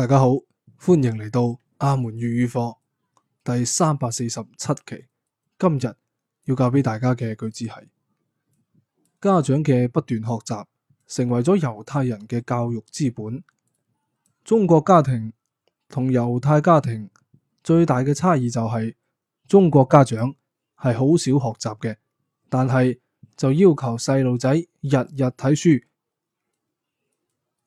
大家好，歡迎嚟到阿門粵語課第三百四十七期。今日要教俾大家嘅句子係：家長嘅不斷學習，成為咗猶太人嘅教育資本。中國家庭同猶太家庭最大嘅差異就係，中國家長係好少學習嘅，但係就要求細路仔日日睇書，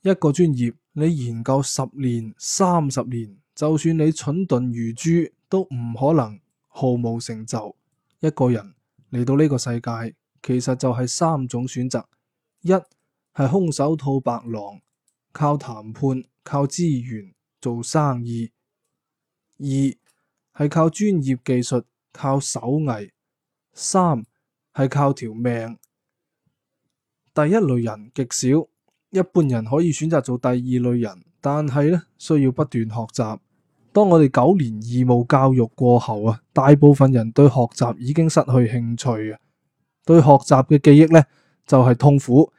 一個專業。你研究十年、三十年，就算你蠢鈍如豬，都唔可能毫無成就。一個人嚟到呢個世界，其實就係三種選擇：一係空手套白狼，靠談判、靠資源做生意；二係靠專業技術、靠手藝；三係靠條命。第一類人極少。一般人可以選擇做第二類人，但係呢，需要不斷學習。當我哋九年義務教育過後啊，大部分人對學習已經失去興趣啊，對學習嘅記憶呢，就係、是、痛苦，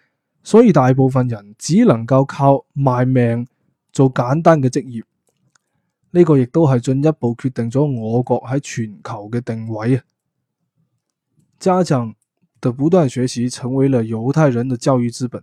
所以大部分人只能夠靠賣命做簡單嘅職業。呢、這個亦都係進一步決定咗我國喺全球嘅定位啊。家長嘅不斷學習成為咗猶太人嘅教育之本。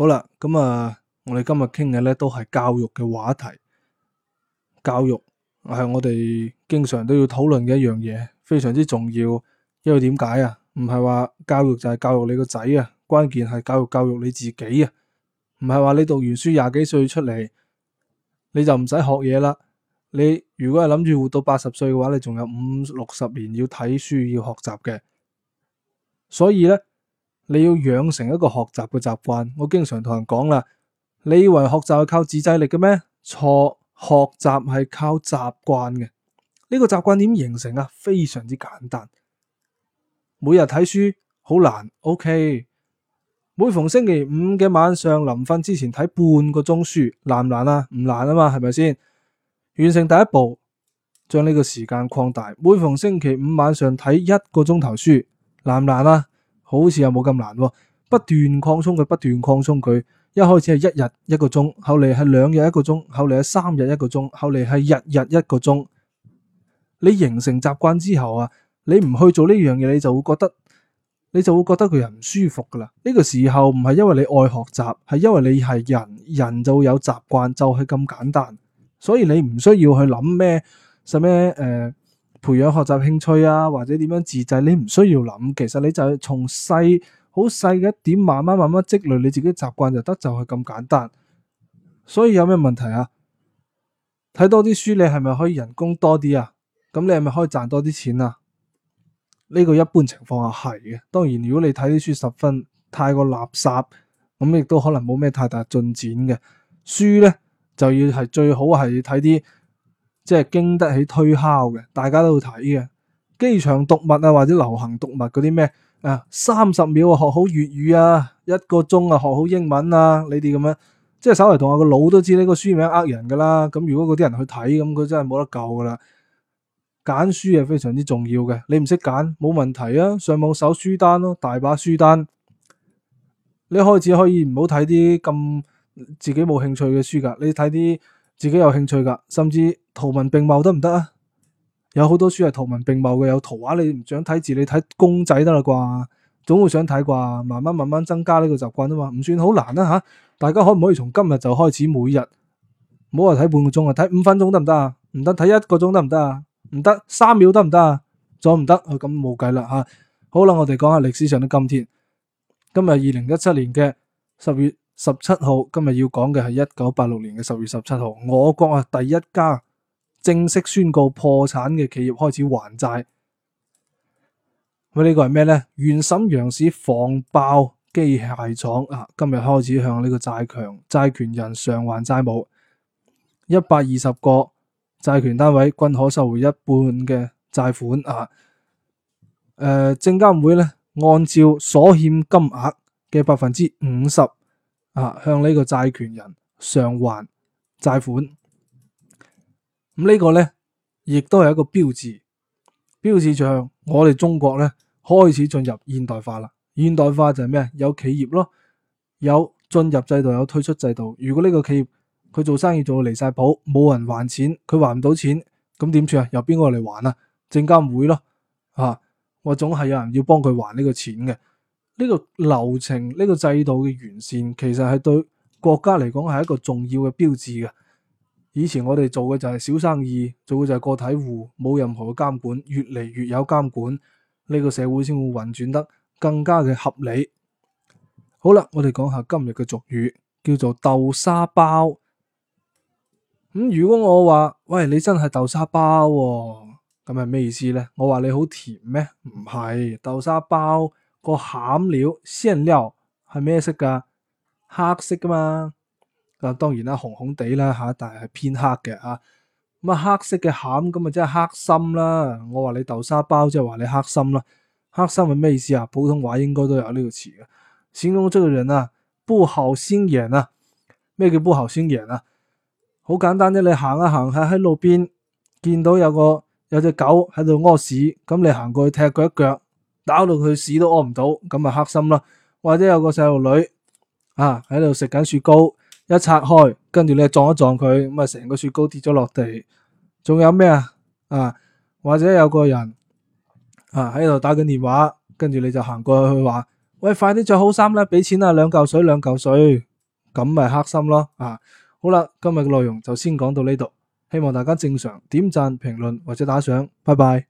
好啦，咁啊，我哋今日傾嘅咧都係教育嘅話題。教育係我哋經常都要討論嘅一樣嘢，非常之重要。因為點解啊？唔係話教育就係教育你個仔啊，關鍵係教育教育你自己啊。唔係話你讀完書廿幾歲出嚟，你就唔使學嘢啦。你如果係諗住活到八十歲嘅話，你仲有五六十年要睇書要學習嘅。所以咧。你要養成一個學習嘅習慣，我經常同人講啦。你以為學習係靠自制力嘅咩？錯，學習係靠習慣嘅。呢個習慣點形成啊？非常之簡單。每日睇書好難，OK。每逢星期五嘅晚上臨瞓之前睇半個鐘書，難唔難啊？唔難啊嘛，係咪先？完成第一步，將呢個時間擴大。每逢星期五晚上睇一個鐘頭書，難唔難啊？好似又冇咁難喎，不斷擴充佢，不斷擴充佢。一開始係一日一個鐘，後嚟係兩日一個鐘，後嚟係三日一個鐘，後嚟係日日一個鐘。你形成習慣之後啊，你唔去做呢樣嘢，你就會覺得，你就會覺得佢係唔舒服噶啦。呢個時候唔係因為你愛學習，係因為你係人，人就會有習慣，就係咁簡單。所以你唔需要去諗咩，咩誒。呃培養學習興趣啊，或者點樣自制，你唔需要諗。其實你就係從細好細嘅一點，慢慢慢慢積累你自己嘅習慣就得，就係咁簡單。所以有咩問題啊？睇多啲書，你係咪可以人工多啲啊？咁你係咪可以賺多啲錢啊？呢個一般情況下係嘅。當然，如果你睇啲書十分太過垃圾，咁亦都可能冇咩太大進展嘅。書呢，就要係最好係睇啲。即係經得起推敲嘅，大家都會睇嘅。機場讀物啊，或者流行讀物嗰啲咩啊，三十秒啊學好粵語啊，一個鐘啊學好英文啊，你哋咁樣，即係稍微同我個腦都知呢個書名呃人噶啦。咁如果嗰啲人去睇，咁佢真係冇得救噶啦。揀書係非常之重要嘅，你唔識揀，冇問題啊。上網搜書單咯、啊，大把書單。你開始可以唔好睇啲咁自己冇興趣嘅書噶，你睇啲。自己有興趣噶，甚至圖文並茂得唔得啊？有好多書係圖文並茂嘅，有圖畫你唔想睇字，你睇公仔得啦啩，總會想睇啩，慢慢慢慢增加呢個習慣啊嘛，唔算好難啦吓。大家可唔可以從今日就開始，每日唔好話睇半個鐘啊，睇五分鐘得唔得啊？唔得，睇一個鐘得唔得啊？唔得，三秒得唔得啊？仲唔得？咁冇計啦吓。好啦，我哋講下歷史上嘅今天，今日二零一七年嘅十月，十七號今日要講嘅係一九八六年嘅十月十七號，我國啊第一家正式宣告破產嘅企業開始還債。咁、這、呢個係咩呢？原瀋陽市防爆機械廠啊，今日開始向呢個債強債權人償還債務，一百二十個債權單位均可收回一半嘅債款啊。誒、呃，證監會呢按照所欠金額嘅百分之五十。啊，向呢個債權人償還債款，咁呢個呢亦都係一個標誌，標誌住我哋中國呢開始進入現代化啦。現代化就係咩？有企業咯，有進入制度，有退出制度。如果呢個企業佢做生意做到離晒譜，冇人還錢，佢還唔到錢，咁點算啊？由邊個嚟還啊？證監會咯，啊，我總係有人要幫佢還呢個錢嘅。呢個流程，呢個制度嘅完善，其實係對國家嚟講係一個重要嘅標誌嘅。以前我哋做嘅就係小生意，做嘅就係個體戶，冇任何嘅監管，越嚟越有監管，呢個社會先會運轉得更加嘅合理。好啦，我哋講下今日嘅俗語，叫做豆沙包。咁，嗯，如果我話喂，你真係豆沙包喎，咁係咩意思呢？我話你好甜咩？唔係豆沙包。個餡料餡料係咩色噶？黑色噶嘛？咁、啊、當然啦，紅紅地啦，吓、啊，但係係偏黑嘅。啊，咁啊，啊，黑色嘅餡，咁啊，即係黑心啦。我話你豆沙包，即係話你黑心啦。黑心係咩意思啊？普通話應該都有呢個詞嘅。形容這個人啊，不好心眼啊。咩叫不好心眼啊？好簡單啫，你行啊行下喺路邊見到有個有隻狗喺度屙屎，咁你行過去踢佢一腳。打到佢屎都屙唔到，咁咪黑心咯。或者有個細路女啊喺度食緊雪糕，一拆開，跟住你撞一撞佢，咁咪成個雪糕跌咗落地。仲有咩啊？啊，或者有個人啊喺度打緊電話，跟住你就行過去話：喂，快啲着好衫啦，俾錢啊，兩嚿水，兩嚿水。咁咪黑心咯。啊，好啦，今日嘅內容就先講到呢度，希望大家正常點贊、評論或者打賞。拜拜。